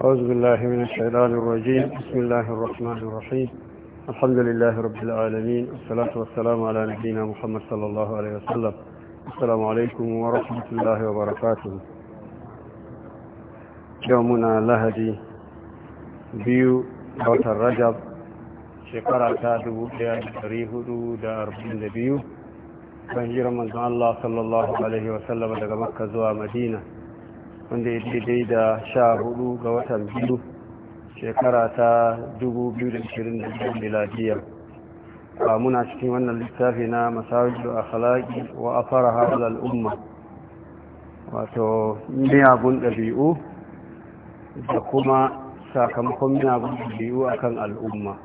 أعوذ بالله من الشيطان الرجيم بسم الله الرحمن الرحيم الحمد لله رب العالمين والصلاة والسلام على نبينا محمد صلى الله عليه وسلم السلام عليكم ورحمة الله وبركاته يومنا لهدي بيو دوت الرجب شكرا تادبو تاريخ دا أربعين بيو فهجر رمضان الله صلى الله عليه وسلم لقى مكة مدينة wanda ya daidai da sha hudu ga watan biyu shekara ta 2020 miladiyar a muna cikin wannan littafi na masarar a akhalaki wa afara haɗar al'umma wato miyagun ɗabi'u da kuma sakamakon miyagun ɗabi'u a kan al'umma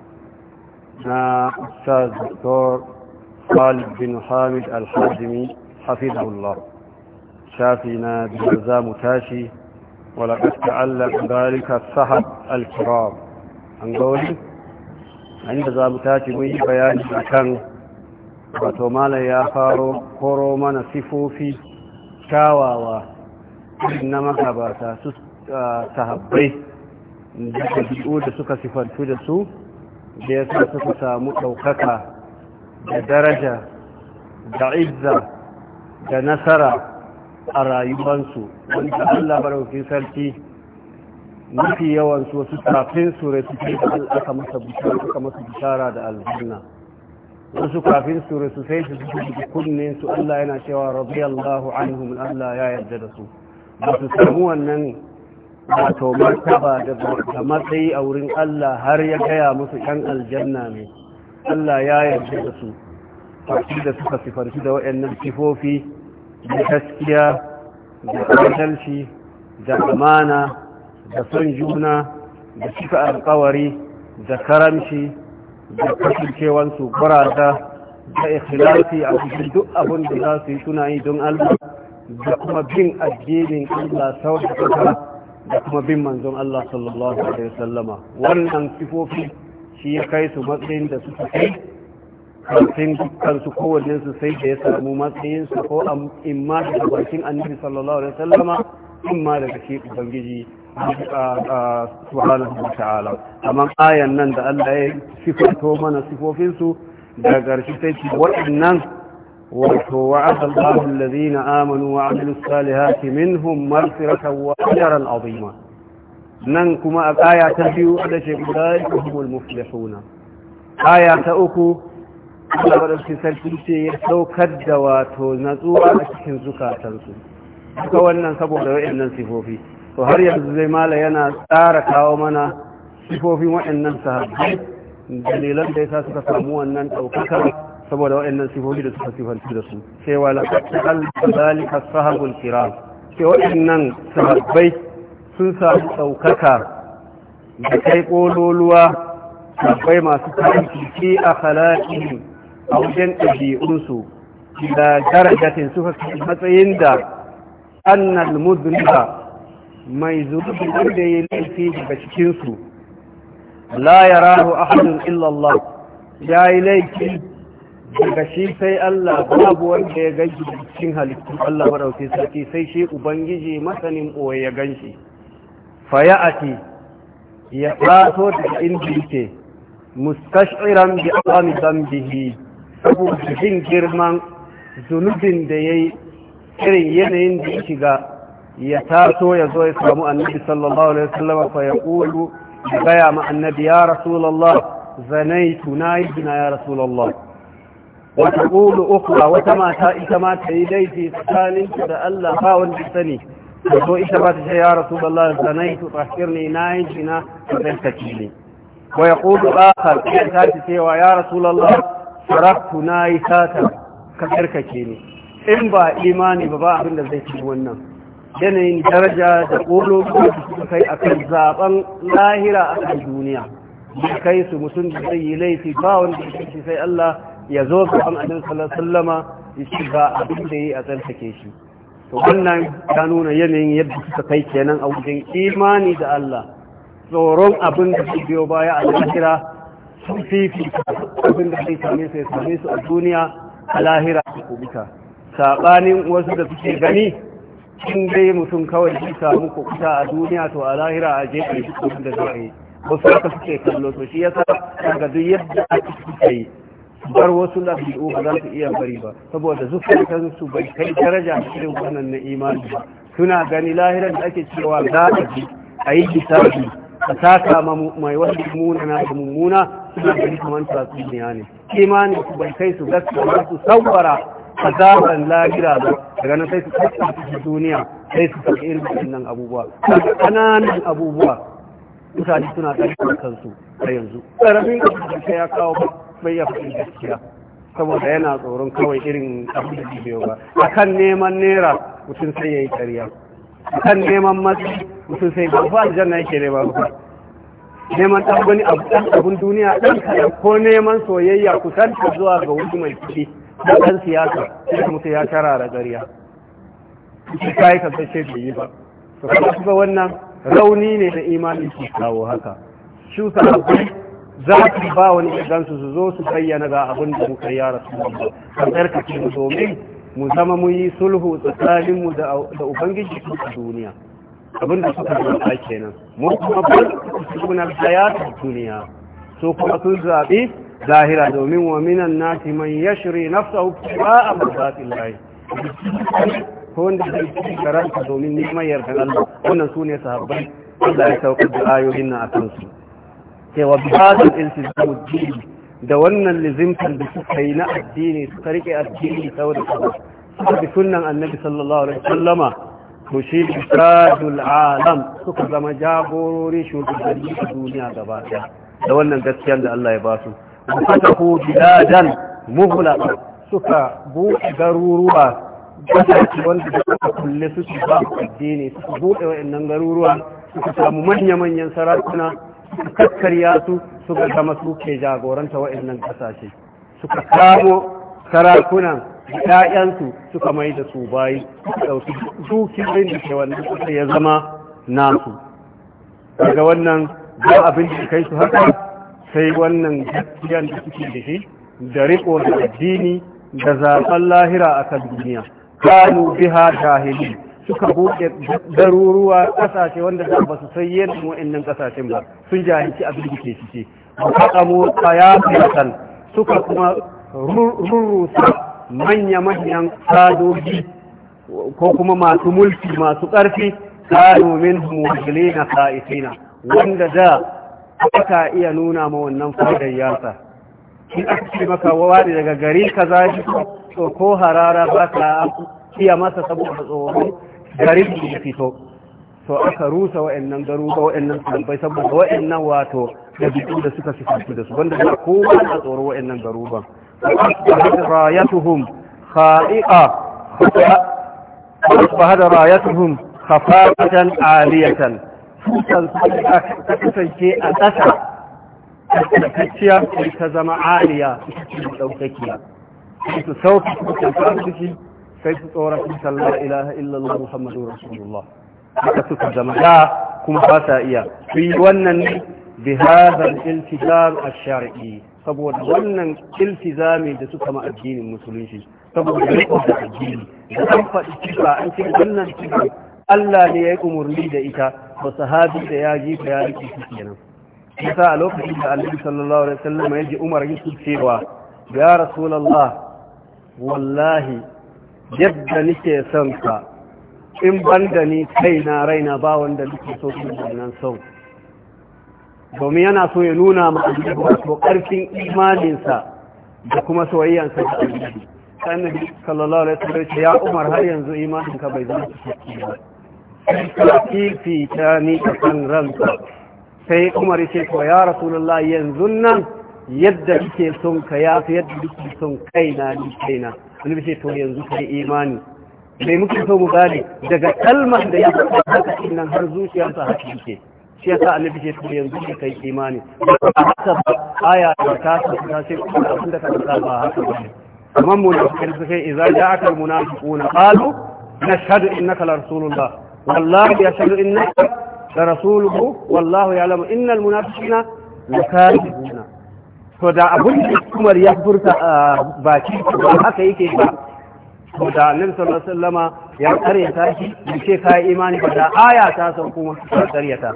na ustaz dr khalid bin hamid al-hajimi hafizullah shafi na biyar za mu tashi walaƙar ta'allar ɗarika sahab alkiram an ga wani inda za mu tashi mun yi bayani a kan wato malar ya faro koro mana sifofi kyawawa na magabata su sahabbai da ɗabi'u da suka sifantu da su da ya sa suka samu ɗaukaka da daraja da izza da nasara a rayuwansu wanda Allah baraukin sarki mafi yawansu wasu kafin su rai da aka masa bishara suka masa bishara da aljanna wasu kafin su su sai su suke kunnen su Allah yana cewa radiyallahu anhum Allah ya yarda da su ba su samu wannan wato martaba da matsayi a wurin Allah har ya gaya musu kan aljanna ne Allah ya yarda da su da suka sifarci da waɗannan sifofi da gaskiya da adalci da amana da son juna da cika alkawari da karamci da kasancewansu barasa, da ikhlasi a cikin duk abin da za su yi suna yi don Allah da kuma bin addinin Allah sau da kasa da kuma bin manzon Allah sallallahu alaihi wasallama wannan sifofi shi ya kai su matsayin da suka kai kafin kansu kowanne su sai da ya samu matsayin su ko in ma daga bakin annabi sallallahu alaihi wasallama in ma daga shi ubangiji subhanahu wa ta'ala amma ayan nan da Allah ya sifato mana sifofin su daga ƙarshe sai ce waɗannan wato wa'ada Allahu alladhina amanu wa amilus salihati minhum maghfiratan wa ajran azima nan kuma a aya ta biyu da ce ulaiika humul muflihuna aya ta uku Allah madaukakin sarki ce ya saukar da wato natsuwa a cikin zukatansu Suka wannan saboda wa'annan sifofi to har yanzu zai mala yana tsara kawo mana sifofin wa'annan sahabbai dalilan da sa suka samu wannan daukakar saboda wa'annan sifofi da suka sifanci da su sai wala al zalika sahabul kiram sai wa'annan sahabbai sun samu daukaka da kai kololuwa sahabbai masu tarihi a khalaqihim a wajen ɗabi'unsu da darajatin suka matsayin da annal muzliba mai zunubi wanda ya laifi daga cikinsu la ya rahu ahadun illallah ya yi laifi daga shi sai Allah babu wanda ya ganshi cikin halittu Allah marauke sarki sai shi ubangiji masanin ɓoye ya ganshi fa ya ati ya ɓato da inda yake muskashiran bi azami dambihi saboda jin girman zunubin da ya yi irin yanayin da ya shiga ya taso ya zo ya samu annabi sallallahu alaihi wasallam fa ya kulu ya gaya ma annabi ya rasulullah zanaitu na yi zina ya rasulullah wata kulu ukhra wata mata ita ma ta yi laifi tsakaninta da Allah ba wanda sani da zo ita ba ta ce ya rasulullah zanaitu tsakirni na yi zina ta zai ta kili wa ya kulu akhar ta ce wa ya rasulullah farahtu na yi sata ka tsarkake ne in ba imani ba ba abinda zai ci wannan yanayin daraja da ƙolo da suka kai a kan zaɓen lahira a kan duniya da kai su mutum da zai yi laifi ba wanda ya kai sai Allah ya zo ga an adin sallama ya ci ba abin da ya yi a tsarkake shi to wannan ta nuna yanayin yadda suka kai kenan a wajen imani da Allah tsoron abin da su biyo baya a lahira sun fifi abin da zai same su ya same su a duniya a lahira a kubuta saɓanin wasu da suke gani sun dai mutum kawai su samu kubuta a duniya to a lahira a je a yi da zai wasu haka suke kallo to shi yasa daga duk yadda ake suke yi bar wasu lafi'u ba za su iya bari ba saboda zukatan su bai kai daraja a cikin wannan na imani ba suna gani lahiran da ake cewa za a a yi hisabi ka saka mai wani mummuna na da mummuna suna gani kamar su ne ne imanin su bai kai su gaskiya su a azaban lagira ba daga nan sai su kasa su duniya sai su saka irin wannan abubuwa kananan abubuwa mutane suna ɗaukar kansu a yanzu ƙaramin da ya kawo bai ya faɗi gaskiya saboda yana tsoron kawai irin abin da biyo ba akan neman naira mutum sai ya yi ƙarya akan neman matsi mutum sai ba fa aljanna yake ne ba neman a wani abun duniya ɗan kaɗan ko neman soyayya san ta zuwa ga wani mai kuɗi da ɗan siyasa sai mutum ya tara da gariya shi kai ka sai bai yi ba to kuma wannan rauni ne na imani ke kawo haka su sahabbai za su ba wani idan su zo su bayyana ga abin da muka yi rasu kan tsarkake mu domin mu zama mu yi sulhu mu da ubangiji a duniya abin da suka zaba kenan mu kuma suna hayatun duniya so kuma sun zaɓi zahira domin wa minan nasi man yashri nafsahu ba a mazaɓin layi ko wanda zai ci garanta domin neman yarda Allah wannan su ne sahabbai Allah ya saukar da ayoyin nan a su. cewa bi hadal insizamu dini da wannan lizimtan da suka yi na addini suka rike addini saboda suka bi sunnan annabi sallallahu alaihi wasallama to shi bisadul alam suka zama jagorori shugabanni a duniya gaba daya da wannan gaskiyar da Allah ya ba su fatahu biladan muhlaqa suka buɗe garuruwa kasashe wanda suka kulle su ba addini suka buɗe wa'annan garuruwa suka samu manya-manyan sarakuna suka kakkarya su suka zama suke jagoranta wa'annan kasashe suka kamo sarakunan yayansu suka mai da su bayi ɗauki dukin da ke wannan suka ya zama nasu daga wannan ba abin da kai su haka sai wannan yan da suke da shi da riko da addini da zaɓen lahira a kan duniya kanu biha jahili suka buɗe daruruwa ƙasashe wanda za ba su sai yadda wa'annan ƙasashen ba sun jahilci abin da ke cike ba kaɗa mu kaya suka kuma rurrusa manya-manyan sadoji ko kuma masu mulki masu ƙarfi kano domin muhajjali na sa’isina wanda da aka iya nuna ma wannan fadar yasa in aka ce maka wani daga gari ka zaji to ko harara ba ka iya masa saboda tsohon garin yi fito to aka rusa wa'annan wa'in wa'annan sabai saboda wa'annan wato da da suka fi da su wanda ba kowa na tsoro wa'annan garuban فأصبحت رايتهم خائقة فأصبحت رايتهم خفافة عالية kasance a ƙasa tsakakciya ta zama aliya ɗaukakiya sai su sauka su tafi sai su tsora su sallar ilaha illallah muhammadu rasulullah haka suka zama da kuma ba iya fi wannan ne bi hadha shari saboda wannan iltizami da suka ma addinin musulunci saboda ya da addini da an faɗi cika, an cika wannan cika Allah ne ya yi umarni da ita ba sahabi da ya ji ka ya rike su kenan yasa a lokacin da Annabi sallallahu alaihi wasallam ya ji Umar su cewa ya Rasulullah wallahi yadda nake son ka in da ni kai kaina raina ba wanda nake so su nan sau domin yana so ya nuna ma annabi wato karfin imaninsa da kuma soyayyansa da annabi sai biyu sallallahu alaihi wasallam ya umar har yanzu imaninka bai zama cikakke ba sai fi ta ni kan ranta. sai umar ya ce ko ya rasulullah yanzu nan yadda kike son ka ya fi yadda kike son kaina ni kaina wani ce to yanzu kai imani bai muke so mu gane daga kalmar da ya faɗa haka nan har zuciyarsa haka yake shi yasa annabi ke tuni yanzu ne kai imani a haka aya da ta ta ce kuma abin da ka tsara ba haka ba kamar mu da kan suke idza ja'aka almunafiquna qalu nashhadu innaka la rasulullah wallahi yashhadu innaka la rasuluhu wallahu ya'lamu innal munafiqina lakadibuna to da abin da kuma ya furta baki ba haka yake ba to da annabi sallallahu alaihi wasallama ya karyata shi ce kai imani ba da aya ta san kuma karyata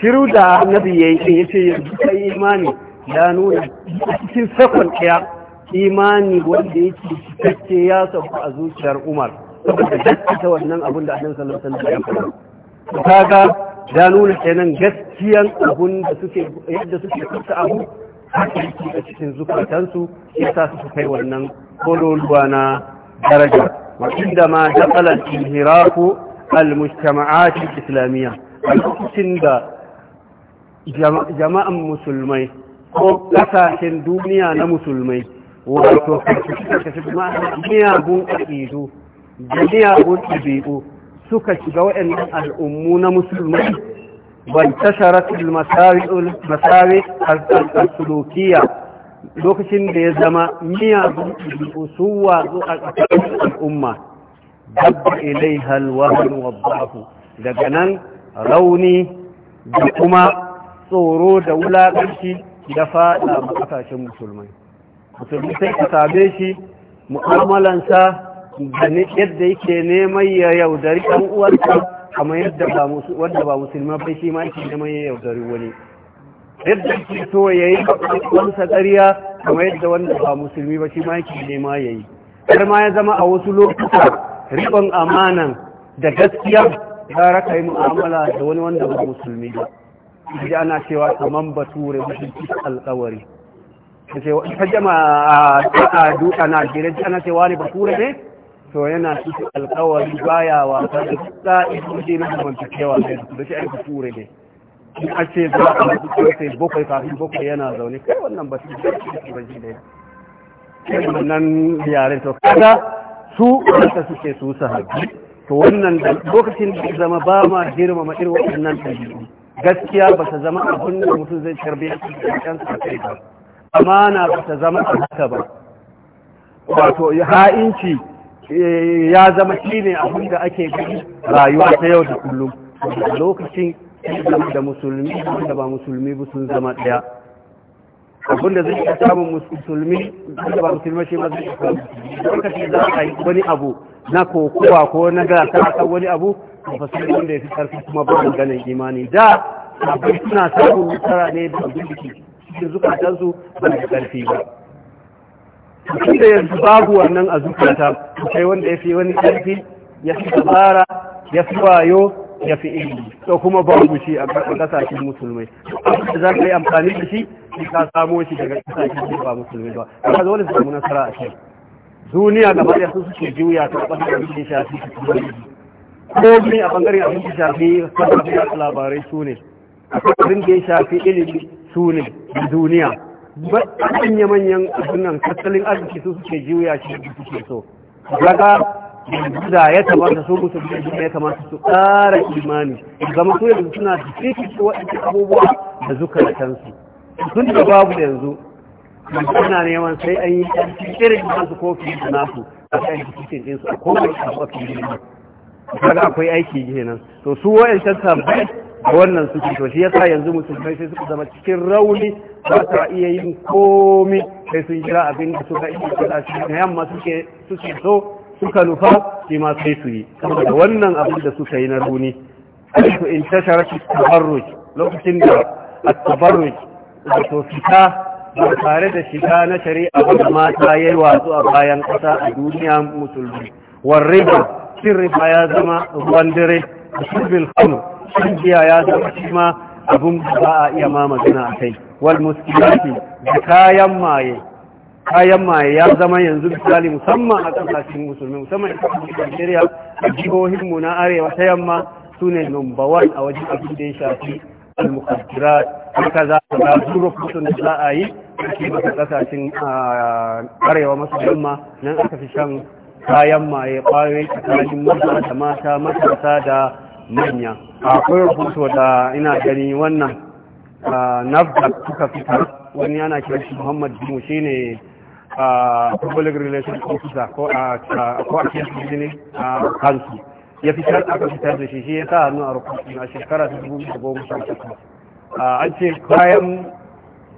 shiru da annabi ya yi ya ce yanzu ka imani ya nuna a cikin sakon ɗaya imani wanda ya yake cikakke ya sauka a zuciyar umar saboda gaskata wannan abin da annabi sallallahu alaihi wasallam ya faɗa kaga ya nuna kenan gaskiyan abun da suke yadda suke kusa abu haka yake a cikin zukatansu sa su kai wannan kololuwa na daraja wa inda ma dakala al-inhiraku al-mujtama'at al-islamiyya a lokacin da jama'an musulmai ko kasashen duniya na musulmai wato miyagun aƙidu da suka shiga waɗannan al'ummu na musulmai ban tasharar masari al-sulukiya lokacin da ya zama miyagun ɗabi'u sun wazo a ƙasar al'umma dabba ilai halwa wabbahu daga nan rauni da kuma tsoro da wulaƙarci da faɗa a ƙasashen musulmai musulmi sai ka same shi mu'amalansa da yadda yake neman ya yaudari ɗan uwarsa kamar yadda ba wanda ba musulma bai shi ma yake neman ya yaudari wani yadda yake so ya yi wansa ƙarya kamar yadda wanda ba musulmi ba shi ma yake nema ya yi har ma ya zama a wasu lokuta riƙon amanan da gaskiya ya ka yi mu'amala da wani wanda ba musulmi ba ji ana cewa kaman bature mutunci alkawari ta jama a duka na jere ji ana cewa ne bature ne to yana cikin alkawari baya wasa da sa'idoji na zamantakewa da ne da shi ake bature ne in a ce za a sai bakwai kafin bakwai yana zaune kai wannan ba su da shi ba ji da ya yare to kada su wanda suke su sahabi to wannan lokacin da zama ba ma girmama irin waɗannan ɗabi'u gaskiya ba ta zama abin da mutum zai tarbiyyar da kansu a kai ba amana ba ta zama a haka ba wato ha'inci eh, ya zama shi ne abin da ake gani rayuwa ta yau da kullum lokacin da musulmi da ba musulmi ba sun zama ɗaya abin da zai samun musulmi da ba musulmi shi ma zai lokacin za a yi wani abu na kokowa ko na gasa a kan wani abu a fasirin wanda ya fi karfi kuma ba ganin imani da abin suna samun ne da abin ke cikin zukatansu ba da karfi ba tun da yanzu babu wannan a zukata sai wanda ya fi wani karfi ya fi tsara ya fi wayo ya fi ilimi to kuma babu shi a kasashen musulmai da za ka yi amfani da shi ka samo shi daga kasashen ba musulmai ba ka zo da samu nasara a cikin. duniya gaba da sun suke juya ta ɓangaren abin da shafi su ko ne a ɓangaren abin da shafi sabbin labarai su ne abin da ya shafi ilimi su ne duniya manya-manyan sunan tattalin arziki su suke juya shi da suke so daga da ya kamata su musu da ya kamata su ƙara imani zama su yanzu suna da cikin waɗanda abubuwa da kansu sun da babu yanzu suna neman sai an yi irin masu kofi da nasu a kan cikin ɗinsu a kowace a fiye da kaga akwai aiki kenan to su wa'in tattar da wannan suke to shi yasa yanzu musulmai sai suka zama cikin rauni ba sa iya yin komi sai sun jira abin da suka yi. Da yamma suke suke so suka nufa shi ma sai su yi saboda wannan abin da suka yi na rauni to in tashara tabarruj lokacin da at-tabarruj wato fita ba tare da shiga na shari'a ba da mata ya yi wasu a bayan ƙasa a duniya musulmi warriba cin riba ya zama ruwan dare a shirbil hannu shan biya ya zama shi ma abin ba a iya ma magana a kai wal muskilati da kayan maye kayan maye ya zama yanzu misali musamman a ƙasashen musulmi musamman a ƙasashen Najeriya a jihohin mu na arewa ta yamma su ne number one a wajen abin da ya shafi al-mukaddirat haka za a zuruf mutum da za a yi ake maka kasashen karewa masu yamma nan aka fi shan kayan maye kwayoyi tsakanin maza da mata matasa da manya akwai rubutu da ina gani wannan nafdak suka fitar wani yana kira shi muhammad jimu shi ne public relations officer ko a kiyar ne a kansu ya fitar aka fitar da shi shi ya sa hannu a rukunin a shekara 2018 an ce kayan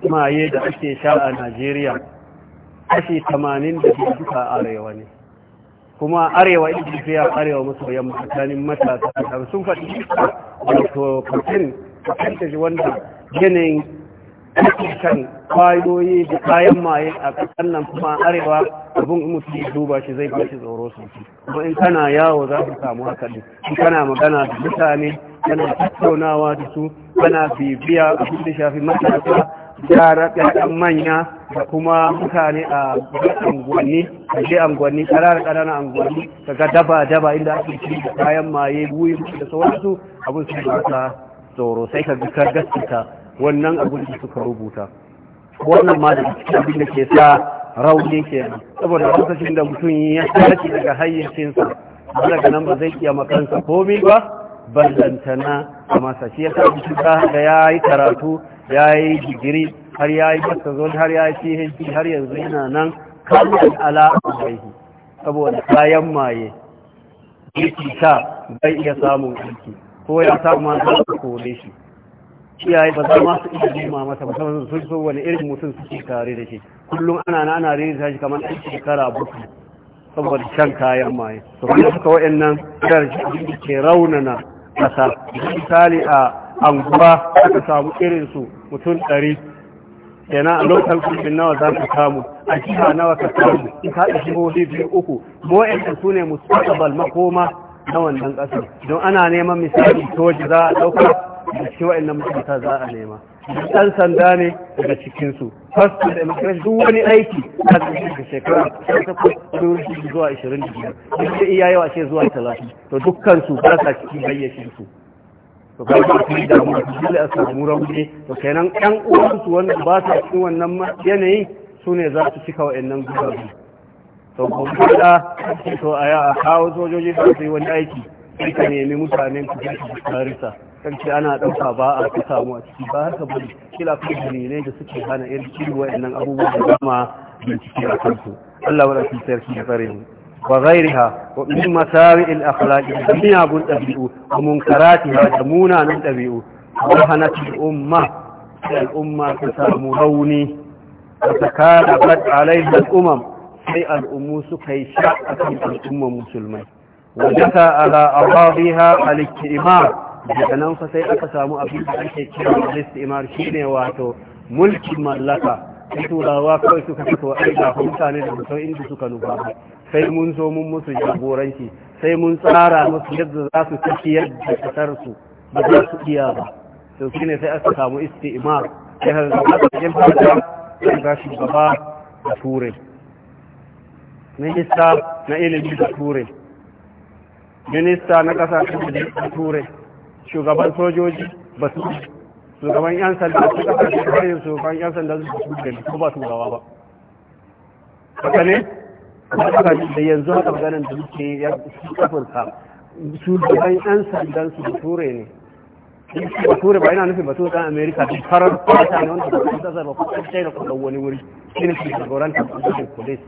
maye da ake sha a najeriya kashi tamanin da ke duka arewa ne kuma arewa indiya arewa maso yamma tsakanin matasa sun faɗi wato kafin kafin wanda yanayin ake kan kwayoyi da kayan maye a ƙasar nan kuma arewa abin in duba shi zai fashi tsoro sosai kuma in kana yawo za ka samu ne, in kana magana da mutane kana tattaunawa da su kana bibiya abin da shafi matasa yara ɗan manya da kuma mutane a angwanni a je angwanni ƙarar ƙananan angwanni ka daba daba inda ake ci da kayan maye buyi da sauransu abin su da ta tsoro sai ka ga gaskita wannan abin da suka rubuta wannan ma da cikin abin da ke sa rauni ke saboda lokacin da mutum ya sarki daga hayyacinsa daga nan ba zai iya makansa komai ba ballantana a masa shi ya sa mutum da ya yi karatu ya yi digiri har ya yi zo har ya yi phd har yanzu yana nan kamar ala'adun yi saboda kayan maye yake ta bai iya samun aiki ko ya samu masu za kone kore shi iyaye ba za ma su iya nema masa musamman sun so wani irin mutum suke tare da shi kullum ana na ana ririta shi kamar ɗan shekara buku saboda shan kayan maye to wanda suka wa'annan darajin shi ke raunana ƙasa misali a anguwa aka samu irinsu mutum ɗari yana a lokacin kulbin nawa za ka samu a jiha nawa ka samu in ka haɗa jihohi biyu uku bo'yan su ne mustaqbal makoma na wannan ƙasa, don ana neman misali toji za a ɗauka da shi wa'annan mutunta za a nema ɗan sanda ne daga cikinsu fasta da immigration duk wani aiki a cikin shekara ta kuɗi zuwa 25 duk da iya yawa ce zuwa 30 to dukkan su ba sa cikin bayyacinsu to ga ba yi da mu dole a samu rauni to kenan ɗan uwansu wanda ba su cikin wannan yanayin su ne za su cika wa'annan gurabe to kuma da to a kawo sojoji da su yi wani aiki sai ka nemi mutanen ku ji su tarisa kanci ana ɗauka ba a ku samu a ciki ba haka bane kila ku ne da suke hana irin ciwo wa'annan abubuwan da dama bincike a kansu Allah wa rasul sarki ya tsare mu وغيرها ومن مساوئ الأخلاق جميع الطبيعة ومنكراتها تمونا من طبيعة وهنت الأمة الأمة تسام روني وتكالبت عليها الأمم في الأموس كي شاءت الأمة مسلمين وجثى على أراضيها الاجتماع جهنم فسيئة سامو أبي الكتاب الاستئمار شيني واتو ملك ملكة turawa kawai suka fito aika mutane da mutum inda suka nufa sai mun zo mun musu jagoranci sai mun tsara musu yadda za su tafiyar da kasar su ba za su iya ba to shine sai aka samu isti'mar sai ka ga aka yin fata sai ga shi da turai minista na ilimi da turai minista na kasashen da turai shugaban sojoji ba su shugaban yan sanda su kasashen shugaban yan sanda su ba su gawa ba haka ne da yanzu haka maganin da muke ya afirka su gaban yan sandan su bature ne bature ba yana nufin bature kan amerika da farar fata ne wanda ba su kasar ba kuma sai da kudin wani wuri shi ne su jagoranta kudin kudin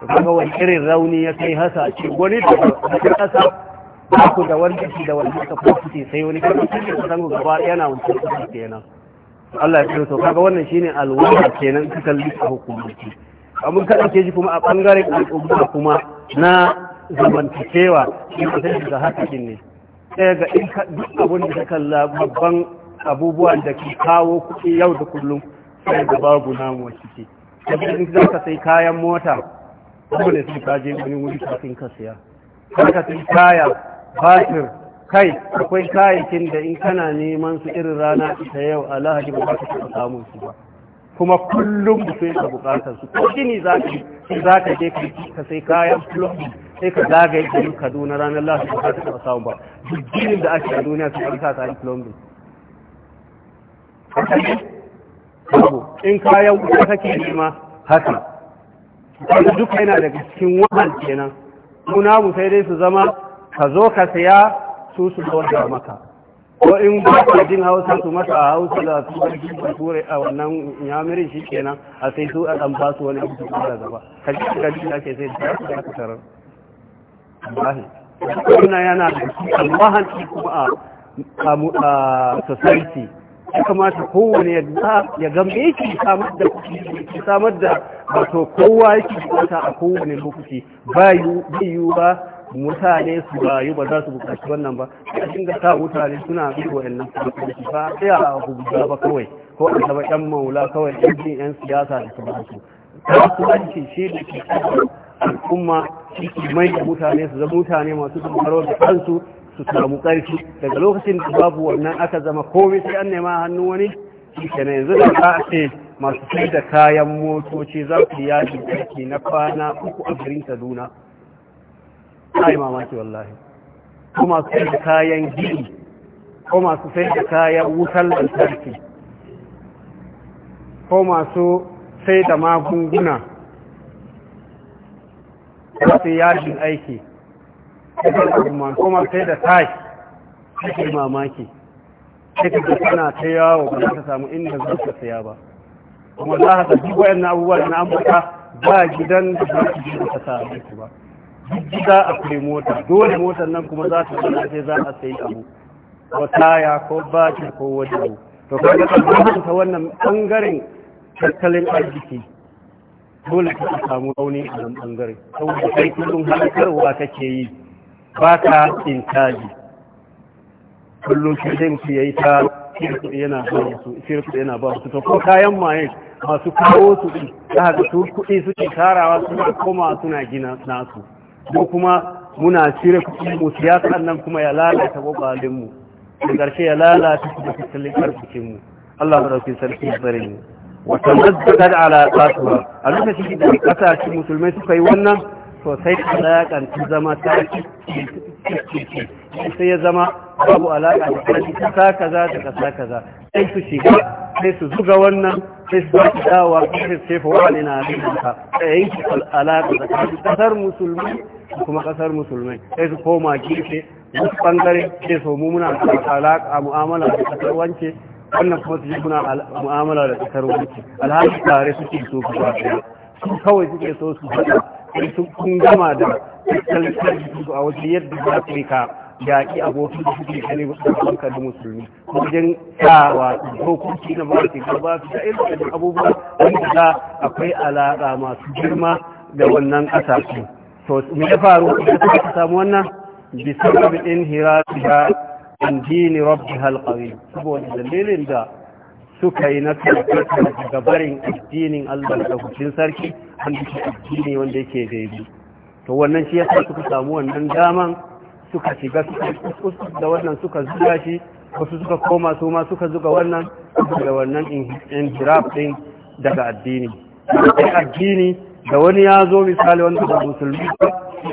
su kaga wani irin rauni ya kai hasa a ce wani da kasa ba ku da wani shi da wani haka ko kuke sai wani kan cikin kasan ku gaba yana wancan kudin kenan Allah ya fito to kaga wannan shine alwala kenan ka kalli a hukumanci abin kaɗauke shi kuma a ɓangaren al'umma kuma na zamantakewa shi sai da hakakin ne ɗaya ga in duk abin da ta kalla babban abubuwan da ke kawo kuɗi yau da kullum sai da babu namu a ciki in za ka sai kayan mota abu ne sai ka je wani wuri kafin ka siya ka sai kaya batir kai akwai kayayyakin da in kana neman su irin rana ta yau a lahadi ba za ka samu su ba kuma kullum sai ka bukatar su ko gini za ka yi za ka je ka sai kayan plumbing sai ka zagaye garin kaduna ranar lafi ba ta taɓa samu ba duk ginin da ake a duniya su an sa kayan plumbing babu in kayan wuta kake nema haka wanda duk yana daga cikin wahal kenan mu sai dai su zama ka zo ka saya su su da maka ko in ba jin hausa su masa a hausa da su barki ba turai a wannan yamirin shi kenan a sai su a ɗan basu wani abu su da gaba ka ji ka ji ake sai da su aka tarar wallahi wannan yana da mahanci kuma a society ya kamata kowane ya gambe shi samar da kuɗi samar da wato kowa yake bukata a kowane lokaci ba yiwu ba mutane su yi ba za su bukaci wannan ba a da sa mutane suna bi wa'annan kwanci ba sai a guda ba kawai ko a taba yan maula kawai yan jin yan siyasa da ba kasuwanci shi da ke al'umma shi ke mai da mutane su zama mutane masu dogaro da kansu su samu ƙarfi daga lokacin da babu wannan aka zama komai sai an nema hannu wani shi kenan yanzu da za a ce masu sai da kayan motoci za su yaji aiki na kwana uku a garin kaduna ai mamaki wallahi ko masu sai da kayan gini ko masu sai da kayan wutar lantarki ko masu sai da magunguna masu yajin aiki ko masu sai da tashi ake mamaki sai ka tana ta yawo ba za ta samu inda za ta saya ba kuma za ka duk 'yan abubuwa na amurka ba gidan da za su je ta samu ba za a kure mota dole motar nan kuma za ta zana sai za a sayi abu ko taya ko baki ko wajen abu to kaga kan ta wannan bangaren tattalin arziki dole ka samu rauni a nan bangare saboda kai kullum halakarwa kake yi ba ka intaji kullum shi zai mutu ya yi ta firku yana ba su firku yana ba su to ko kayan maye masu kawo su ɗin ta ka su kuɗi suke tarawa suna koma suna gina nasu ko kuma muna cire kuɗi mu siya sannan kuma ya lalata gwabalin mu da ƙarshe ya lalata su da tattalin arzikin mu Allah madaukin sarki ya tsare mu wa tanazzakat ala qatuha a lokacin da kasashen musulmai suka yi wannan to sai alaƙanci zama ta sai ya zama babu alaƙa da ƙarfi kasa kaza da kasa kaza sai su shiga sai su zuga wannan sai su zaki dawa sai su sefa wani na rikinka da yanki alaƙa da ƙasar musulmi kuma kasar musulmai sai su koma gefe wasu bangare ke so mu muna alaƙa mu'amala da kasar wance wannan kuma su yi muna mu'amala da kasar wance alhali tare ke so su ba su kawai suke so su faɗa sai sun kun gama da tattalin su a wajen yadda za su ka yaƙi abokin da suke gani da da musulmi wajen sawa dokoki na baki gaba da irin abubuwa wanda akwai alaƙa masu girma da wannan ƙasashe to me ya faru da suka samu wannan bi sababin inhiratiha an dini rabbiha alqawi saboda dalilin da suka yi na karkata gabarin addinin Allah da hukuncin sarki an bi addini wanda yake daidai to wannan shi yasa suka samu wannan daman suka shiga da wannan suka zuga shi wasu suka koma su ma suka zuga wannan da wannan inhiraf din daga addini addini da wani ya zo misali wanda da musulmi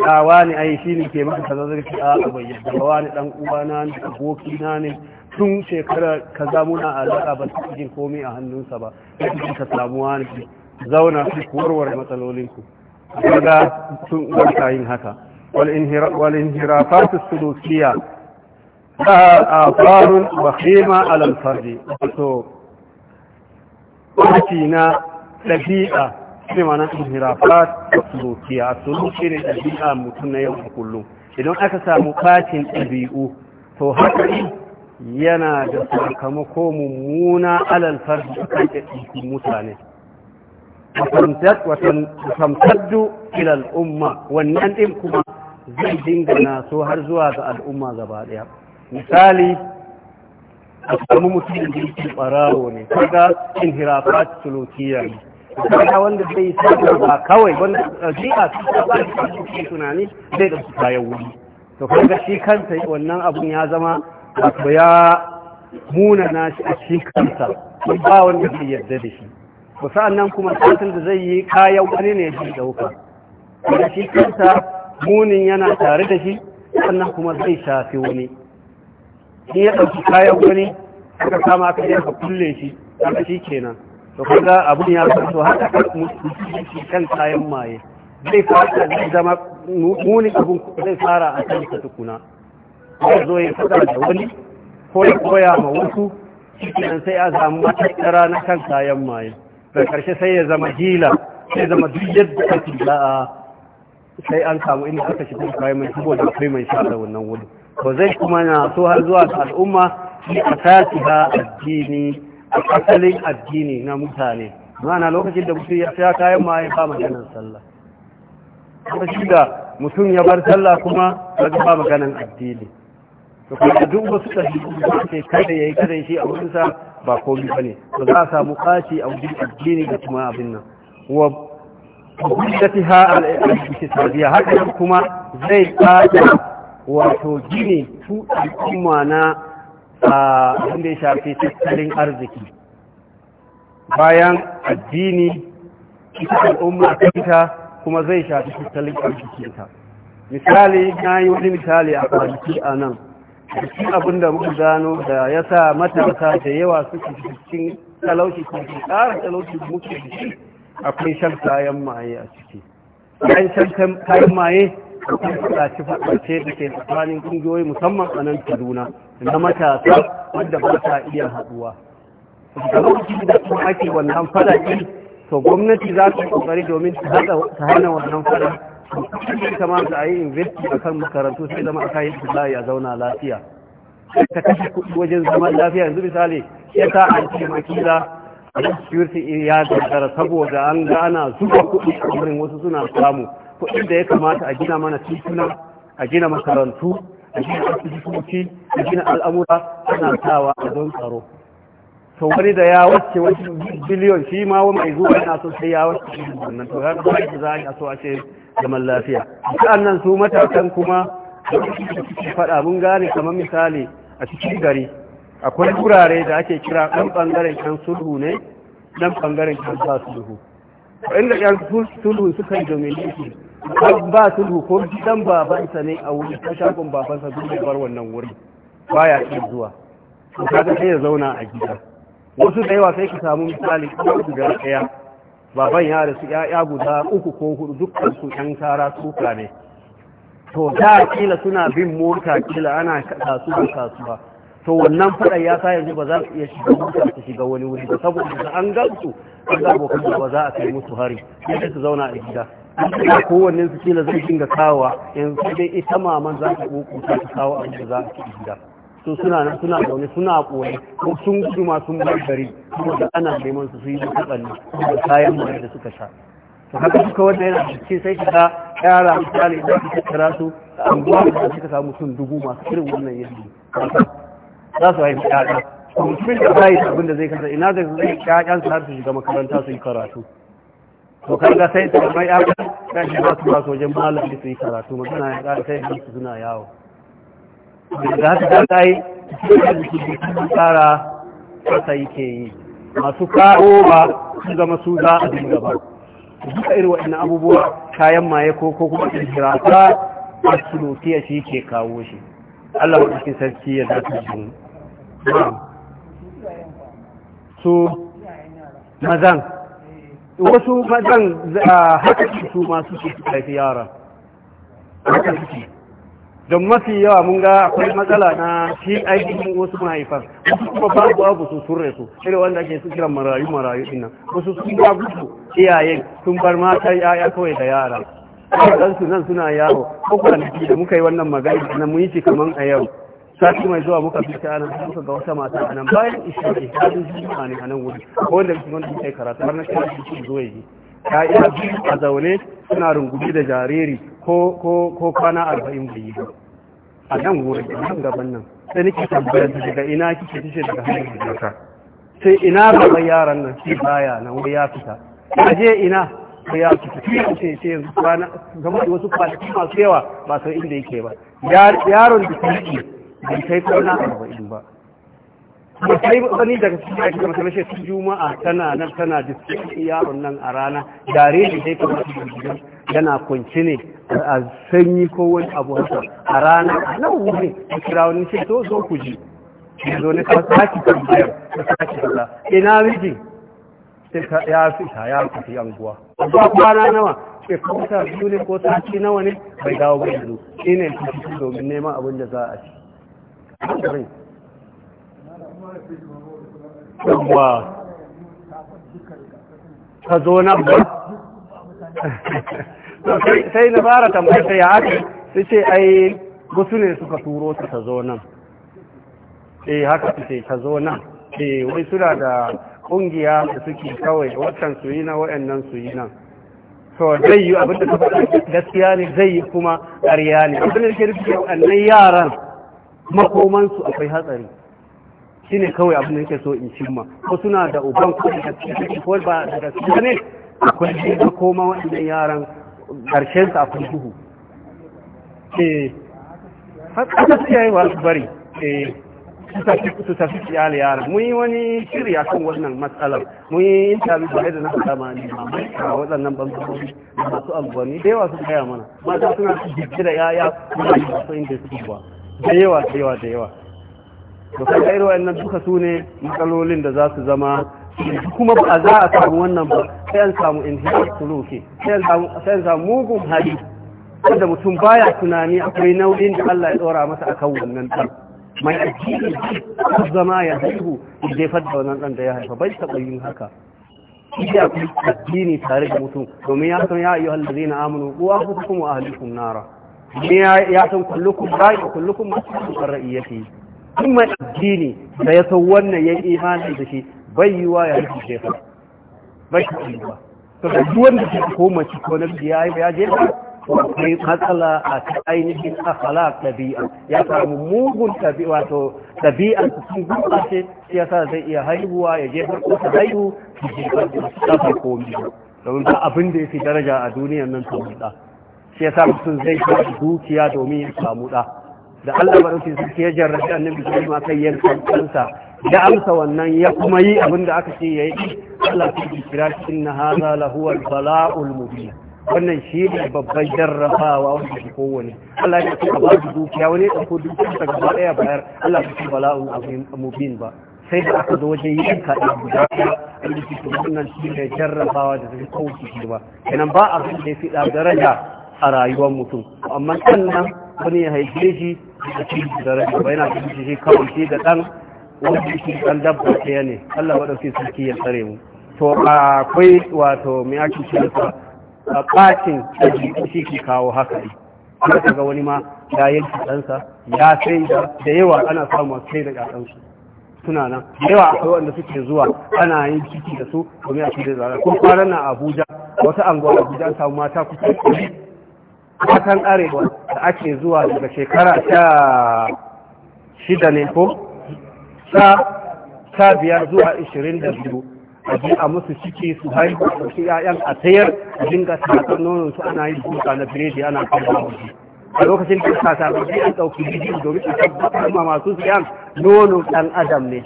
a wani ai shi ne ke maka kaza zarki a bayyana. da wani dan uwana ne aboki na ne tun shekara za muna alaƙa ba su jin komai a hannunsa ba ya ka samu wani zauna su warware matsalolinku daga sun barka yin haka والانحرافات السلوكية لها آثار وخيمة على الفرد وحكينا Ɗabi'a. shi mana inhirafat sulukiya a suluki ne ɗabi'a mutum na yau da kullum idan aka samu ɓacin ɗabi'u to haka yana da sakamako mummuna alal farji kan ɗabi'u mutane watamtaddu ilal umma wannan ɗin kuma zai dingana so har zuwa ga al'umma gaba ɗaya misali a samu mutum da yake ɓarawo ne kaga inhirafat sulukiya ne da wanda zai sabu ba kawai wanda ɗabi'a su ba su tunani zai ɗauki kayan wuri to kai ga shi kanta wannan abun ya zama wato ya muna na shi a shi kansa ba wanda zai yarda da shi to nan kuma satin da zai yi kayan wani ne zai dauka da shi kansa munin yana tare da shi sannan kuma zai shafi wani in ya ɗauki kayan wani aka kama aka yi aka kulle shi aka shi kenan to kaga abun ya to haka musulunci kan kayan maye zai fara zai zama muni abun zai fara a kan ta tukuna ya zo ya fada da wani ko ya koya ma wasu cikin sai a samu matattara na kan kayan maye da karshe sai ya zama hila sai zama duk yadda ake za'a sai an samu inda aka shiga kayan mai saboda kai mai sha da wannan wuri to zai kuma na so har zuwa ga al'umma shi a tasiha addini asalin addini na mutane mana lokacin da mutum ya fiya kayan ma ya fama ganin sallah shi da mutum ya bar sallah kuma ga fama ganin addini to kuma duk wasu ɗabi'u da ke kada ya yi kada shi a wurinsa ba komi ba ne ba za a samu kaci a wurin addini da kuma abin nan wa gwamnati ha al'adunci haka kuma zai ƙata wato gini su al'umma na abin ya shafi tattalin arziki bayan addini al'umma fita kuma zai shafi tattalin arzikinta misali na yi wani misali a kwanaki a nan cikin abin da muka gano da ya sa matasa da yawa suke cikin talauci ko ke ƙara talauci muke da shi akwai shan kayan maye a ciki bayan shan kayan maye akwai faɗace faɗace da ke tsakanin ƙungiyoyi musamman a nan kaduna na matasa wanda ba ta iya haduwa da lokacin da kuma ake wannan faraɗi to gwamnati za ta kokari domin ta hana wannan faraɗi kuma kama a yi investi a kan makarantu sai zama a yi da ya zauna lafiya ta kashe kuɗi wajen zaman lafiya yanzu misali ya ta an ce makila a security ya dogara saboda an gana zuba kuɗi a wurin wasu suna samu kuɗin da ya kamata a gina mana tituna a gina makarantu a gina asibitoci a gina al'amura ana sawa a don tsaro to wani da ya wacce wani biliyon shi ma wani mai zuwa yana so sai ya wacce shi wannan to gaba kuma za a a so a ce zaman lafiya sa'annan su matakan kuma da faɗa mun gane kamar misali a cikin gari akwai wurare da ake kira ɗan ɓangaren kan sulhu ne ɗan ɓangaren kan ba sulhu inda yan sulhu suka yi ba su ko gidan babansa ne a wuri ta shagon babansa duk bar wannan wuri baya iya zuwa to kaga sai ya zauna a gida wasu da yawa sai ka samu misali ko guda kaya baban ya rasu ya guda uku ko hudu dukkan su yan kara suka ne to da kila suna bin mota kila ana da kasuwa to wannan fadan ya sa yanzu ba za su iya shiga mota su shiga wani wuri ba saboda an gansu an ga kuma ba za a kai musu hari sai su zauna a gida a kowanne su da zai dinga kawowa yanzu dai ita maman za ta ƙoƙo ta ta kawo abin da za a ci gida so suna nan suna zaune suna koyi ko sun gudu masu gari da ana neman su su yi matsalan da kayan mai da suka sha to haka duka wanda yana cikin sai ka yara misali da suka karatu, su anguwa da suka samu sun dubu masu irin wannan yanzu za su haifi ƴaƴa mutumin da bai abin da zai kasa ina da zai ƴaƴansa har su shiga makaranta su yi karatu to karga sai ta mai ya ta shi ba su ba wajen malami su yi karatu magana ya ƙara sai su suna yawo daga haka ta kai su tsara kasa yake yi masu kawo ba su zama su za a gaba. ba duka irin waɗannan abubuwa kayan maye ko ko kuma kirkira ta a shi ke kawo shi Allah wa cikin sarki ya zata shi su mazan wasu fadan ah, haka su masu su haifi yara haka suke don mafi yawa mun ga akwai matsala na shi aikin wasu mahaifar, wasu kuma babu abu su sun su irin wanda ake su kiran marayu marayu dinnan, wasu sun ba gudu iyaye sun bar mata yaya kawai da yara ɗansu nan suna yaro ko kwanaki da muka yi wannan magana na mun yi shi kaman a yau sati mai zuwa muka fita anan muka ga wata mata a nan bayan isha'i ta yi juma'a ne a nan wuri wanda mutum wanda muka yi karatu har na kira su zuwa yi ta a biyu a zaune suna rungumi da jariri ko kwana arba'in bai yi a nan wuri a nan gaban nan sai nake tambayar da daga ina kike tushe daga hannun da ka sai ina gaban yaran nan shi baya nan wai ya fita aje ina ko ya fita shi ce ce yanzu kwana gaba wasu kwanaki masu yawa ba san inda yake ba yaron da ke bai kai ko arba'in ba ba kai wani daga cikin aiki da masalashe su juma'a tana nan tana diskin yaron nan a rana dare da sai kuma yana kunci ne a sanyi ko wani abu haka a rana na wuri a kira wani ce zo zo ku ji yanzu ne ka saki tambayar ka saki kaza ina miji sai ka ya fita ya fita anguwa ba kwana nawa ke eh, kuma ta biyu ne ko sati nawa ne bai dawo ba yanzu ina fita domin neman abin da za a ci yawwa ka zo nan ba sai na fara tambayar ya haka su ce ai gusu ne suka turo su ta zo nan eh haka su ce ta zo nan eh wai suna da kungiya da suke kawai wancan su yi na wayannan su yi nan so zai yi abin da ta faɗa gaskiya ne zai yi kuma ƙarya ne abin da ke rufe waɗannan yaran makomansu akwai hatsari shi ne kawai abin da yake so in cimma ko suna da uban ko da cikin ko ba da gaskiya ne akwai shi da koma waɗannan yaran ƙarshen sa akwai duhu eh haka su yayi wasu su bari eh su tafi iyali yaran mun yi wani shiri a kan wannan matsalar mun yi intabi ba da na faɗa ma ni ma a waɗannan bangarori masu abubuwa da yawa sun gaya mana mata suna su jikki da yaya kuma yi masu inda su ba da yawa da yawa da yawa da kaga irin wannan duka su ne matsalolin da za su zama kuma ba za a samu wannan ba sai an samu su loke. sai an samu mugun hali wanda mutum baya tunani akwai nauyin da Allah ya dora masa akan wannan ɗan mai addini su zama ya haihu jefar da wannan ɗan da ya haifa bai taɓa yin haka shi akwai addini tare da mutum domin ya san ya ayyuhal ladina amanu ku kuma a halittun nara ne ya san kullukum ra'i wa kullukum mas'ulun an ra'iyati in mai addini da ya san wannan ya yi imani da shi bai yi wa ya rufe shi bai shi yi ba to da duk wanda ke koma ci ko na biya ya je kai matsala a ta ainihin akhlaq tabi'a ya samu mugun tabi'a wato tabi'a sun ce shi sa zai iya haihuwa ya je farko ta haihu su ki je farko ta farko domin ba abin da fi daraja a duniyar nan ta mutsa shi sa mutum zai ba dukiya domin ya samu da da Allah madauki sarki ya jarrabi annabi shi ma kai yankan kansa da amsa wannan ya kuma yi abin da aka ce yayi Allah ya kira shi inna hadha lahu al-bala'ul mubin wannan shi ne babban jarrabawa wanda shi kowane Allah ya ce ba dukiya wani da ko dukiya ta gaba daya bayar Allah ya ce bala'un mubin ba sai da aka zo wajen yin kaɗa guda ɗaya a yi cikin wannan shi ne jarrabawa da zai kowace shi ba kenan ba a da ya fi ɗa daraja a rayuwar mutum amma sannan wani ya haife shi a cikin da rai ba yana cikin shi kawai shi da ɗan wani shi ɗan dabba ta ne Allah waɗauki sarki ya tsare mu to akwai wato mai ake ce da a ƙacin ɗabi'u shi ke kawo haka ne kuma daga wani ma ya yanki ɗansa ya sai da yawa ana samu sai da ƙasansu suna nan da yawa akwai wanda suke zuwa ana yin ciki da su domin a cikin zara ko kwanan na abuja wata anguwa abuja an samu mata kusa watan arewa da ake zuwa daga shekara ta shida ne ko ta biyar zuwa ishirin da biyu a ji a musu ciki su haihu a ‘ya'yan a tsayar, a dinga tatar nonon su ana yi duka na biredi ana kama waje a lokacin da ta tatar waje an ɗauki biyu, domin a tabbatar ma masu siyan nonon ɗan adam ne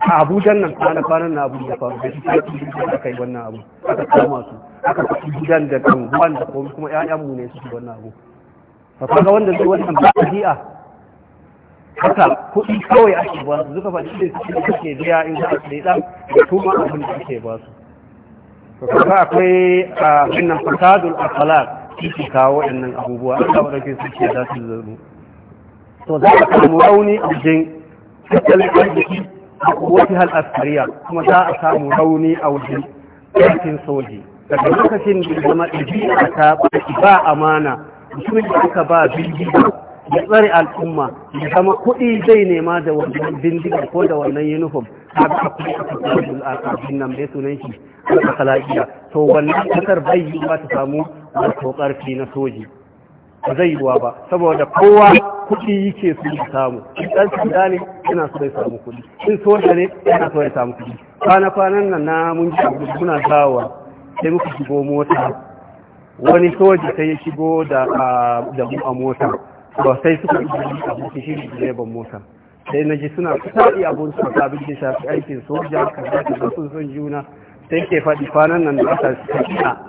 a abujan nan kwanan kwanan na abu da faru da shi kai kuma da kai wannan abu aka kama su aka kafa gidan da kan ruwan da kuma kuma ƴaƴan mu ne su wannan abu fa kaga wanda zai wannan ba tabi'a haka kuɗi kawai ake ba su zuka faɗi da su suke biya in za a tsaye da kuma abin da suke ba su to kaga akwai a wannan fasadul akhlaq shi kawo waɗannan abubuwa Allah wadake su ke da su zuru to za a samu rauni a jin tattalin arziki da kuwati askariya kuma za a samu rauni a wajen yakin soji daga lokacin da zama ɗabi'a ta ba amana mutumin da aka ba bindiga ya tsare al'umma ya zama kuɗi zai nema da wannan bindiga ko da wannan uniform ta ga kuɗi a kusurin al'adun nan bai sunan shi a kalaƙiya to wannan kasar bai yi ba ta samu wato ƙarfi na soji ba zai yiwuwa ba saboda kowa kuɗi yake su ya samu in ɗan sanda ne yana so ya samu kuɗi in da ne yana so ya samu kuɗi kwana kwanan nan na mun ji muna dawowa sai muka shigo mota wani soja sai ya shigo da mu a mota ba sai suka yi abokin shi direban mota sai na ji suna kusaɗi abun su ta abin da shafi aikin soja kaza kaza sun son juna sai ke faɗi kwanan nan da aka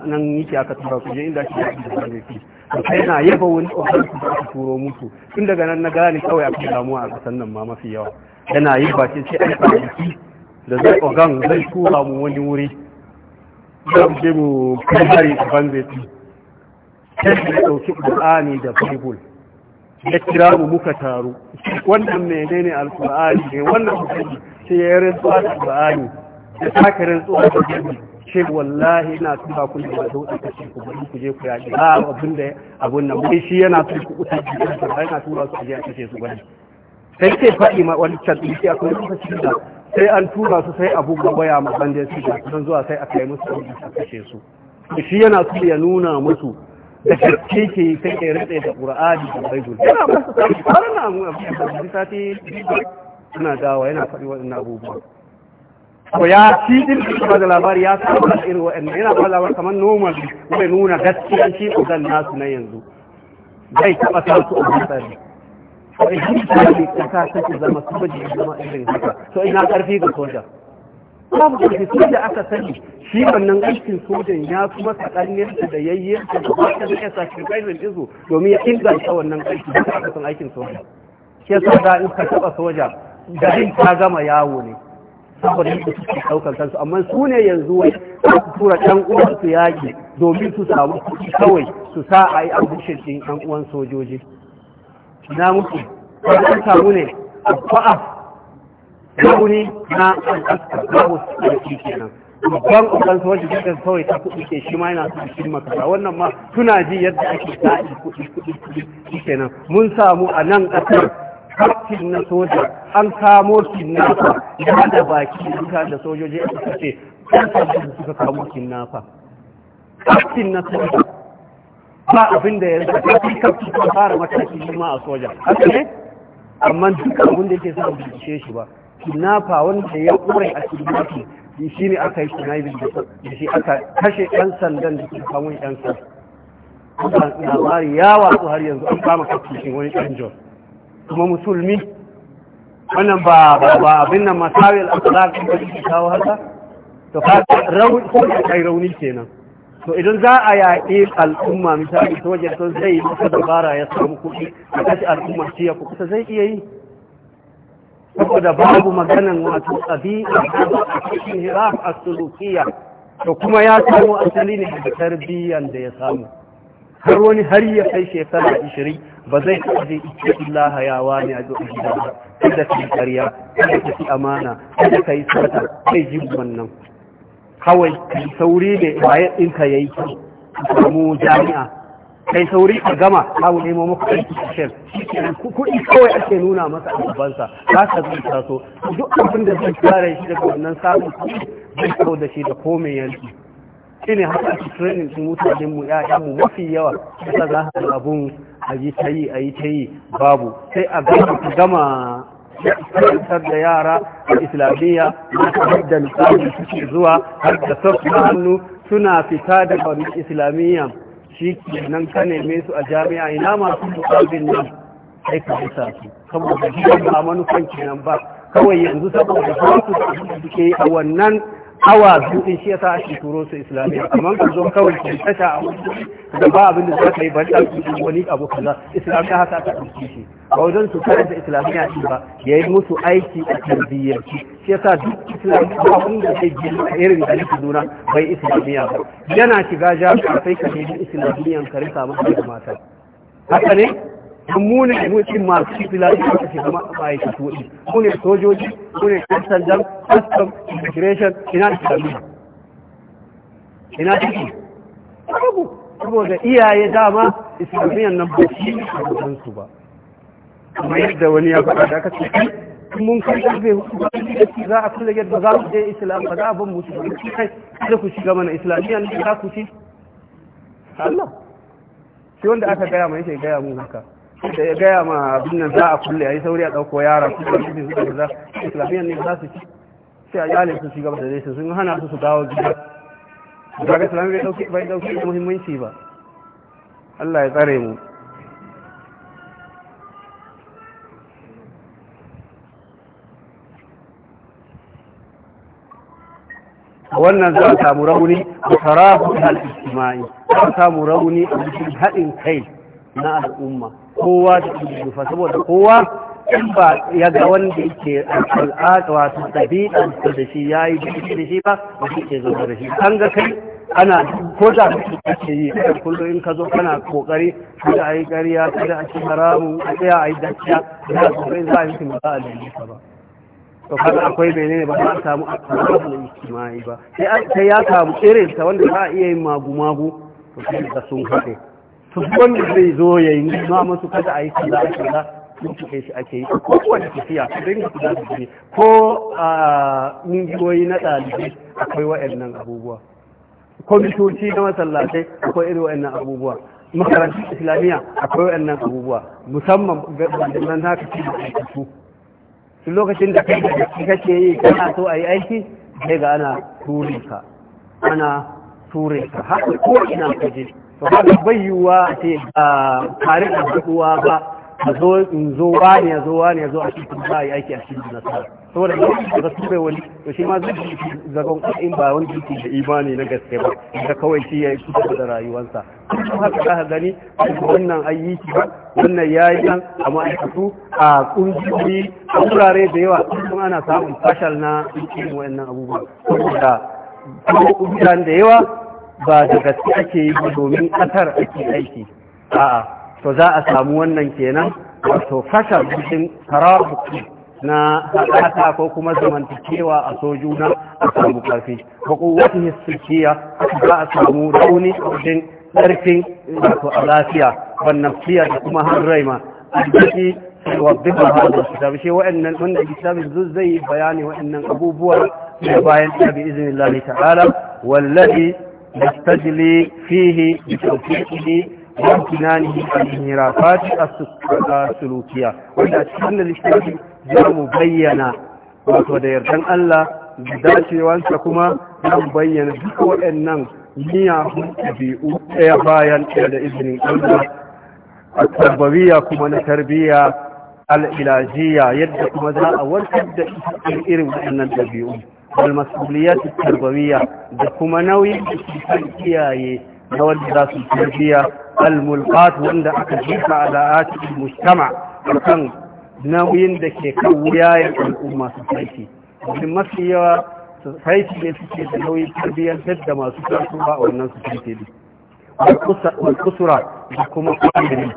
nan yake aka tura kuje inda ake yaƙi da zarafi ya yaba wani tsohon da aka turo mutu tun daga nan na gane kawai akwai damuwa a kasan nan ma mafi yawa yana yi ba sai an kwanaki da zai ogan zai tura mu wani wuri za fi je mu kai hari a banzeti sai da ɗauki ƙur'ani da bible ya kira mu muka taru wannan menene ne ne wannan mutum sai ya yi rinsa da taka tsohon da girbi, ce wallahi ina tuba kun da zo da kace ku bari ku je ku yaƙi ba abin da abun nan mai shi yana so ku kuta ji ba yana tura su je a kashe su bari sai ce faɗi ma wani chatting sai akwai lokacin da sai an tura su sai abu ga waya ma bandan su da don zuwa sai a kai musu a kashe su shi yana so ya nuna musu da gaske ke sai ke rantsa da Qur'ani da Bible yana musu tsarin na mu a cikin sai ina dawa yana faɗi waɗannan abubuwa to ya ci din ba da labari ya samu da irin wa'annan yana ba labar kamar normal bai nuna gaskiya ko ugan nasu na yanzu bai taɓa sa su a matsari to ta misali kasa take zama soja zama irin haka to ina ƙarfi ga soja babu ƙarfi da aka sani shi wannan aikin sojan ya fi masa ƙarniyarsa da yayyarsa da ba ta iya sa shirkaizin izu domin ya inganta wannan aiki da aka san aikin soja shi yasa da in ka taɓa soja garin ta gama yawo ne saboda yadda suke ɗaukar kansu amma su ne yanzu wai su tura ɗan uwan su yaƙi domin su samu kuɗi kawai su sa a yi ambushin ɗin ɗan uwan sojoji na mutu wanda an samu ne a ba'a rauni na al'askar babu sarki kenan babban ƙoƙon sojoji da kawai ta kuɗi ke shi ma yana su cikin makasa wannan ma suna ji yadda ake sa'i kuɗi kuɗi kuɗi nan. mun samu a nan ƙasar kaftin na soja an kamo kinnafa da hada baki duka da sojoji a suka ce ɗan sojoji suka kamo kinnafa kaftin na soja ba abin da ya rika kafin kaftin fara mataki kuma a soja haka ne amma duk abin da yake sa bincike shi ba kinnafa wanda ya kore a kinnafi shi ne aka yi kinaibin da shi aka kashe ɗan sandan da ke kamo ɗan sandan labari ya watsu har yanzu an kama kaftin wani ɗan jos kuma musulmi wannan ba ba abin nan masawil akhlaq da ke kawo haka to ka rauni ko kai rauni kenan to idan za a yaƙi al'umma misali to wajen sun zai yi masa dabara ya samu kuɗi a kashi al'umma shi ya kusa zai iya yi saboda babu maganan wato tsabi a cikin hiraf a sulukiya to kuma ya samu asali ne da tarbiyyar da ya samu har wani har ya kai shekara ishirin ba zai kaje ita illaha ya wani a zuwa gida ba kada ka yi ƙarya kada ka ci amana kada ka yi sata kai jin wannan kawai sauri ne. da bayan ɗinka ya yi kyau samu jami'a kai sauri a gama abu nemo muku aiki a shem kuɗi kawai ake nuna masa a gabansa za ka zai taso duk abin da zai tsara shi daga wannan samun kuɗi zai kawo da shi da komai yanzu shi ne haka ake training sun mutanen mu mu mafi yawa kasa za a abun a yi ta yi a yi ta yi babu sai a gama ku gama karantar da yara a islamiyya na kamar da lissafi suke zuwa har da sauƙi hannu suna fita daga wani islamiyya shi nan ka neme su a jami'a ina masu mutabin nan sai ka bisa su saboda shi ba manufan kenan ba kawai yanzu saboda su da suke a wannan awa biyu shi shi sa ake turo su islamiyya kamar ka zo kawai ki tasha a da ba abin da zaka yi ba ta ki wani abu kaza islamiyya haka ta ɗauki shi ba wajen su kare da islamiyya shi ba ya yi musu aiki a tarbiyyar shi sa duk islamiyya ba wani da a irin da yake nuna bai islamiyya ba yana shiga jami'a sai ka nemi islamiyyan ka rika maka da mata haka ne don mu ne mutum masu shi filari da aka shiga matsayi ta tuɗi mu ne sojoji mu ne ɗan sandan custom immigration ina da shi? ina ciki saboda iyaye dama islamiyyar nan ba shi a su ba kuma yadda wani ya faɗa da aka mun kai ƙarfe shi za a kula yadda za mu je islam ba za a ban musu ba kai kada ku shiga mana islamiyyar nan za ku shi Allah shi wanda aka gaya mai shi gaya mun haka da ya gaya ma abin nan za a kulle a yi sauri a ɗauko yara su da su suka da za islamiyyar ne za su ci sai a yalin su shiga da zai sun hana su su dawo gida ba ga islami bai ɗauki bai ɗauki muhimmanci ba Allah ya tsare mu wannan za a samu rauni a tarafu al-ijtimai za a samu rauni a cikin haɗin kai na al'umma kowa da ɗufa saboda kowa in ba ya ga wanda yake al'ada wato ɗabi'ar da shi ya yi da shi ba ba shi ke zama da shi an ga kai ana ko da kake yi a kullum in ka zo kana kokari a yi ƙarya kada a ci haramu a tsaya ayi dakiya da kai za a yi kuma ba a ba to kaga akwai menene ba za a samu asabu ijtimai ba sai ya samu irin ta wanda za a iya yin magu magu to sai da sun haɗe to wanda zai zo ya yi nima masu kada a yi kaza a kaza mutuke shi ake yi ko wani tafiya su dinga su da su ko a ƙungiyoyi na ɗalibai akwai nan abubuwa kwamitoci na masallatai akwai irin nan abubuwa Makarantar islamiyya akwai nan abubuwa musamman gabanin haka ce da aikatu lokacin da kai da kake yi kana so a yi aiki sai ga ana turinka ana ture ka haka ko ina ka je to haka bayyuwa a ce a tare da duwa ba a zo in zo wani ya zo wani ya zo a cikin ba yi aiki a cikin nasara saboda da wani da ture wani to shi ma zai yi zagon in ba wani jiki da imani na gaske ba da kawai shi ya yi kusa da rayuwarsa kuma haka za ka gani wannan ayyuki ba wannan ya yi nan a ma'aikatu a ƙungiyoyi a wurare da yawa kuma ana samun fashal na irin waɗannan abubuwa saboda da yawa ba da gaske ake yi domin ƙasar ake aiki a'a to za a samu wannan kenan wato bikin cikin tarabuki na haɗata ko kuma zamantakewa a sojuna a samu ƙarfi ba wata hiskiya za a samu rauni a wajen ƙarfin wato a lafiya wannan fiya da kuma har rai ma albashi wa bibin hada da shi wa'annan wanda kitabin zai bayani wa'annan abubuwa bayan ta bi izinin Allah ta'ala wallahi nastajli fihi bi tawfiqihi wa imtinanihi an hirafat as-sulukiyya wanda cikin da littafi za mu bayyana wato da yardan Allah da dacewansa kuma zan bayyana duk waɗannan miyagun ɗabi'u ɗaya bayan ɗaya da izinin Allah a tarbiyya kuma na tarbiyya al'ilajiya yadda kuma za a warkar da irin waɗannan ɗabi'u wal mas'uliyat tarbawiyya da kuma nauyin da kiyaye na wanda za su tarbiya al wanda aka jefa ala'ati mujtama kan nauyin da ke kan wuyayen al'umma su sarki domin mafi yawa society ne suke da nauyin tarbiyyar da masu tasowa a wannan society ne wal kusura da kuma kwamiri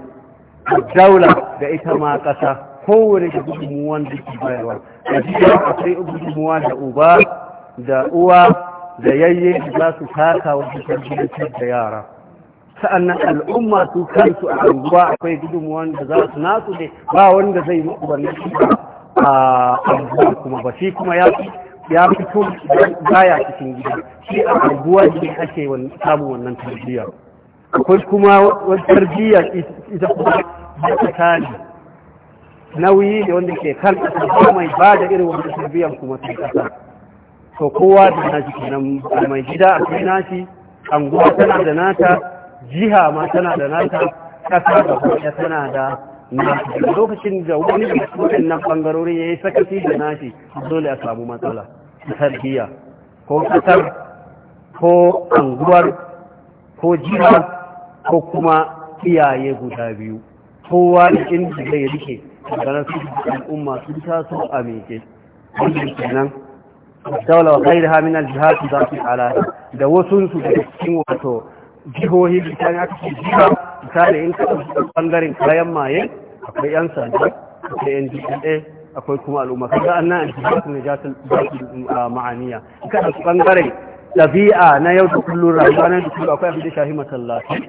daula da ita ma ƙasa kowane da gudunmuwan da ke bayarwa a cikin akwai gudunmuwa da uba da uwa da yayye za su taka wasu tarbiyyantar da yara sa'annan al'umma su kansu a anguwa akwai gudunmuwan da za su nasu ne ba wanda zai muku ba a anguwa kuma ba shi kuma ya ya fito baya cikin gida shi a anguwa ne ake samun wannan tarbiyya akwai kuma wani tarbiyya ita kuma ta tsakani nauyi ne wanda ke kan ƙasa mai ba da irin wanda biyan kuma ta ƙasa to kowa da nashi kenan mai gida a kai nashi anguwa tana da nata jiha ma tana da nata ƙasa da kuma tana da nata lokacin da wani su mutum nan bangarori ya yi sakaci da nashi dole a samu matsala tarbiyya ko ƙasar ko anguwar ko jiha ko kuma iyaye guda biyu kowa da inda zai rike ganin su al'umma sun taso a meke wannan kenan daula wa kai da hamin jihar su za su ala da wasu su da cikin wato jihohi misali aka ce jiha misali in ka ɗauki ɓangaren kayan maye akwai yan sanda akwai yan jiɗe akwai kuma al'umma kaga an nan aljihar su ne za su ma'aniya in ka ɓangaren ɗabi'a na yau da kullum rayuwa na yau da kullum akwai abin da shahi masallaci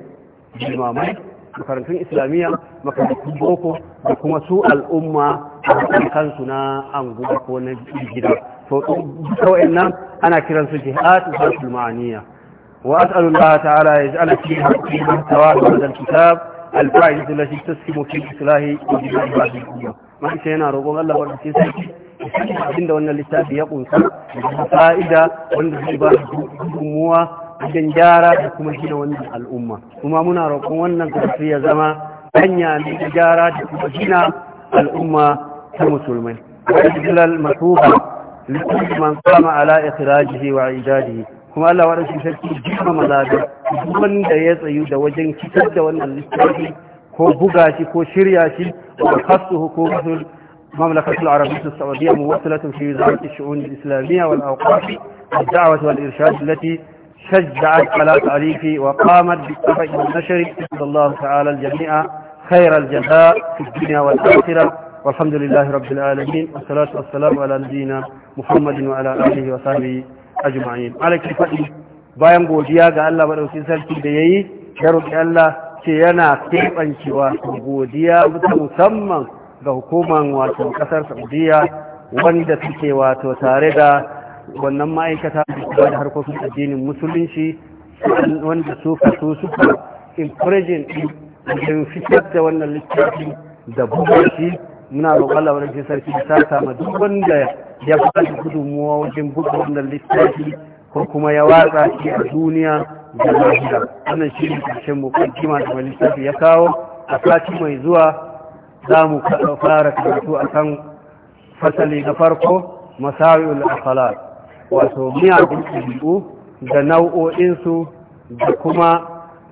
limamai makarantun islamiyya makarantun boko da kuma su al'umma a kansu na anguwa ko na gida to duka nan ana kiransu jihad zatul ma'aniya wa as'alu Allah ta'ala yaj'ala fiha qiyaman da dal kitab al-fa'idatu allati tasfimu fi islahi wa jihad al-umma mai sai yana roƙon Allah wanda ke sai abinda wannan littafi ya kunsa da fa'ida wanda zai ba gudunmuwa wajen gyara da kuma gina wannan al'umma kuma muna roƙon wannan karatu ya zama hanya ne gyara da kuma gina al'umma ta musulmai وإجل المطوبة لكل من kuma Allah waɗansu sarki jima mazaga wanda ya tsayu da wajen fitar da wannan littafi ko buga shi ko shirya shi wa kasu hukumatul mamlakatul Mu saudiyya muwassalatun fi wizarati shu'un al-islamiyya wal awqaf wad da'wah wal irshad lati. شجعت على تعريفي وقامت بالطبع والنشر جزا الله تعالى الجميع خير الجزاء في الدنيا والآخرة والحمد لله رب العالمين والصلاة والسلام على نبينا محمد وعلى آله وصحبه أجمعين عليك فإن bayan godiya ga Allah madaukakin sarki da yayi ya roki Allah ce yana kebancewa godiya ta musamman ga hukuman wato kasar Saudiya wanda suke wato tare da wannan ma'aikata da da harkokin addinin musulunci wanda suka su suka encouraging din fitar da wannan littafi da buga muna roƙon labarin sarki ta sama duk wanda ya ba da gudunmuwa wajen buga wannan littafi ko kuma ya watsa shi a duniya da lahira wannan shi ne ƙarshen kima da wani littafi ya kawo a sati mai zuwa za mu fara karatu a kan fasali na farko ul akhlaq wato miyagun ɗabi'u da nau'o'insu da kuma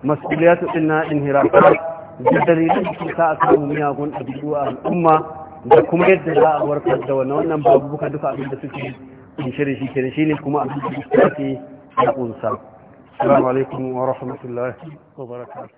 masuliyatu ɗin na inhirafar da dalilin su sa a samu miyagun ɗabi'u a al'umma da kuma yadda za a warkar da wannan wannan babuka duka abin da suke shirin shi kenan shine kuma abin da suke ya kunsa